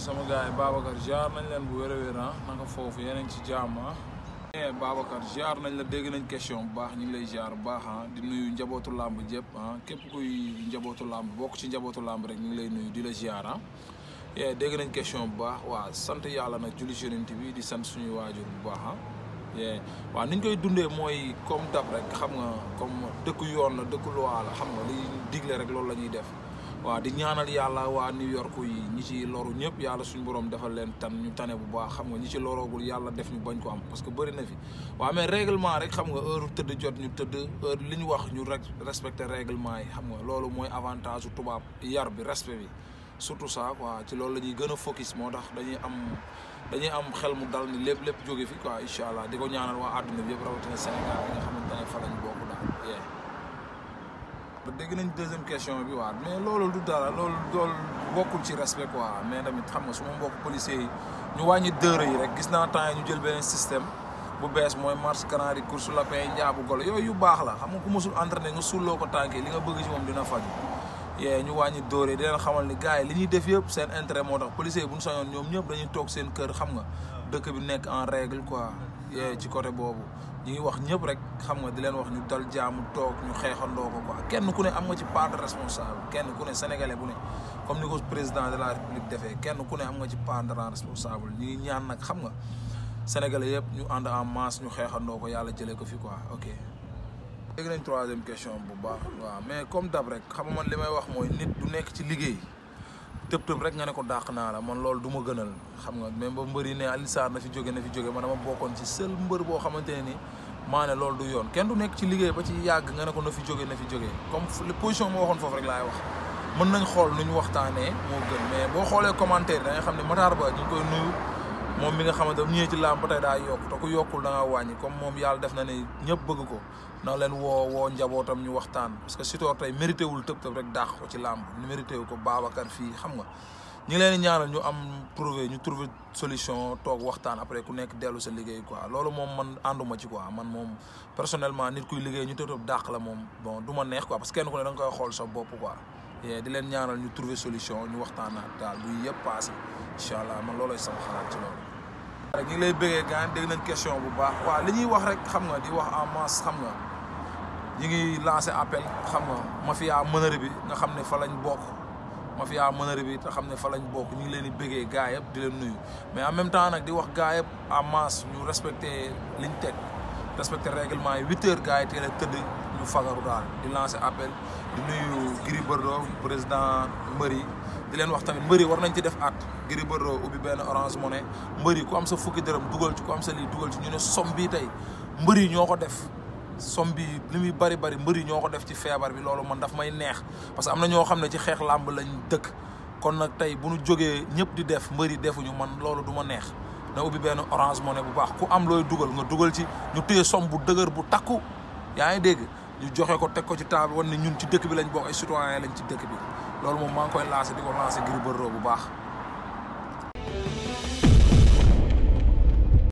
sama gars yi Babacar jaar nañ leen bu wér a wér ah naka foofu yeneen ci jàmm ah. Eh, Babacar jaar nañ la dégg nañ question bu baax ñu ngi lay jaar bu baax ah di nuyu njabootu làmb jëpp ah képp kuy njabootu làmb bokk ci njabootu làmb rek ñu ngi lay nuyu di la jaar ah. Eh, dégg nañ question bu baax waa sant yàlla nag julli Yonent bi di sant suñuy waajur bu baax ah. Eh, waa ni koy dundee mooy comme dab rek xam nga comme dëkku yoon la dëkku loi la xam nga liy digle rek loolu la ñuy def. waaw di ñaanal yàlla waa New York yi ñi ci loru ñëpp yàlla suñu borom defal leen tan ñu tane bu baax xam nga ñi ci loroogul yàlla def ñu bañ ko am parce que barina fi waaw mais réglement rek xam nga heure tëdd jot ñu tëdd heure li ñu wax ñu rek respecté règlement yi xam nga loolu mooy avantage tubaab yar bi respect bi surtout ça quoi ci loolu la ñuy gën a focus moo tax dañuy am dañuy am xel mu dal ni lépp lépp jóge fi quoi incha allah di ko ñaanal waa àdduna bi yëpp rawatina Sénégal bi nga ba dégg nañ deuxième question bi waaw mais loolu du dara loolu loolu bokkul ci respect quoi mais tamit xam nga su ma mbokk policiers yi ñu wàññi dëër yi rek gis naa temps yi ñu jël beneen système bu bees mooy marche canari course lapin njaabu golo yooyu yu baax la xam nga ku musul entraîné nga sulloo ko tànkee li nga bëgg ci moom dina faj wàññi dóoree di leen xamal ni gars yi li ñuy def yëpp seen intérêt moo tax policiers yi bu ñu sañoon ñoom ñëpp dañu toog seen kër xam nga dëkk bi nekk en règle quoi ci côté boobu ñu ngi wax ñëpp rek xam nga di leen wax ñu dal jaamu toog ñu xeexandoo ko quoi kenn ku ne am nga ci part de responsable kenn ku ne sénégalais ne comme ni ko président la defee kenn ku ne am nga ci part de responsable ñu ñaan nag xam nga sénégalais yëpp ñu ànd en masse ñu xeexandoo ko yàlla jëlee ko fi quoi ok. dégg nañ troisième question bu baax waaw mais comme dab rek xam nga man li may wax mooy nit du nekk ci liggéey. tëb tëb rek nga ne ko dàq naa la man loolu du ma gënal xam nga même ba mbëri ne Alioune na fi jóge na fi jóge man dama bokkoon ci seul mbër boo xamante ne ni maa ne loolu du yoon kenn du nekk ci liggéey ba ci yàgg nga ne ko na fi jóge na fi jóge comme position moo waxoon foofu rek laay wax mën nañ xool nu waxtaanee moo gën mais boo xoolee commentaire da nga xam ne Matar Ba ñu ngi koy nuyu moom mi nga xamante ne ñëwee ci làmb ba tey daa yokk te ku yokkul da nga wàññi comme moom yàlla def na ne ñëpp bëgg ko na leen woo woo njabootam ñu waxtaan parce que Sitor tey mérité wul tëb tëb rek daax ko ci làmb ñu wu ko Babacar fii xam nga ñi ngi leen ñu am trouvé ñu trouvé solution toog waxtaan après ku nekk dellu sa liggéey ko loolu moom man ànduma ci quoi man moom personnellement nit kuy liggéey ñu tëb tëb daax la moom bon du ma neex quoi parce que kenn ku ne da xool sa bopp quoi eh, di leen ñaanal ñu trouvé solution ñu waxtaanaat daal luy yëpp passé incha allah man loolooy sama rek ñu ngi lay bëggee gaan dégg nañ question bu baax waa li ñuy wax rek xam nga di wax en masse xam nga ñu ngi lancé appel xam nga mafia mënër bi nga xam ne fa lañ bokk mafia mënër bi te xam ne fa lañ bokk ñu ngi leen di bëggee gaa yëpp di leen nuyu mais en même temps nag di wax gaa yëpp en masse ñu respecté liñ teg respecté règlement yi huit heures gaa yi teel a tëdd ñu fagaru daal di lancer appel di nuyu Gris président mbër di leen wax tamit mbër war nañ ci def at Gris Bordeaux ubbi benn Orange Money mbër yi ku am sa fukki dërëm dugal ci am sa lii dugal ñu ne somme bii tey mbër yi ñoo ko def somme bi li muy bari bari mbër yi ñoo ko def ci feebar bi loolu man daf may neex parce que am na ñoo xam ne ci xeex làmb lañ dëkk kon nag tey bu ñu jógee ñëpp di def mbër defuñu man loolu du ma neex na ubbi benn Orange Money bu baax ku am looy dugal nga dugal ci ñu téye somme bu dëgër bu takku yaa ngi dégg ñu joxe ko teg ko ci table wan ñun ci dëkk bi lañ bokk ay citoyen lañ ci dëkk bi loolu moom maa ngi koy lancé di ko lancé ngir bu baax